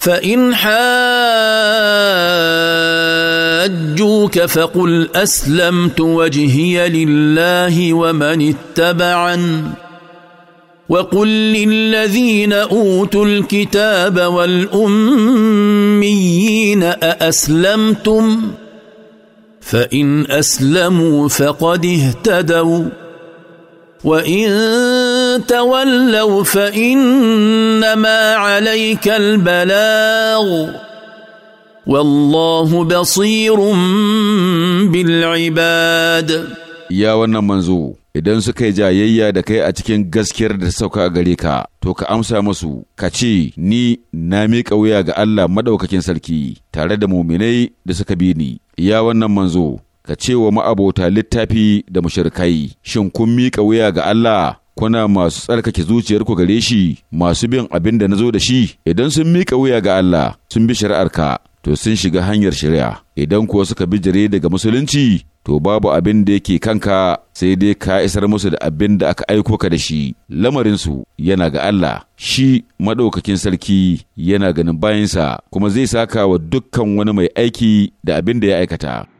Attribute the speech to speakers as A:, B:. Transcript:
A: فان حاجوك فقل اسلمت وجهي لله ومن اتبعن وقل للذين اوتوا الكتاب والاميين ااسلمتم فان اسلموا فقد اهتدوا وان تولوا فانما عليك البلاغ والله بصير
B: بالعباد يا wannan manzo idan suka yi jayayya da kai a cikin gaskiyar da ta sauka a gare ka to ka amsa musu ka ce ni na miƙa wuya ga Allah maɗaukakin sarki tare da muminai da suka bi ni ya wannan manzo ka ce wa ma'abota littafi da mushrikai shin kun miƙa wuya ga Allah kuna masu tsarkake zuciyar ku gare shi masu bin abin da na zo da shi idan sun miƙa wuya ga Allah sun bi shari'arka to sun shiga hanyar shari'a idan kuwa suka bi jire daga musulunci to babu abin da yake kanka sai dai ka isar musu da abin da aka aiko ka da shi lamarin su yana ga Allah shi madaukakin sarki yana ganin bayansa kuma zai saka wa dukkan wani mai aiki da abin da ya aikata.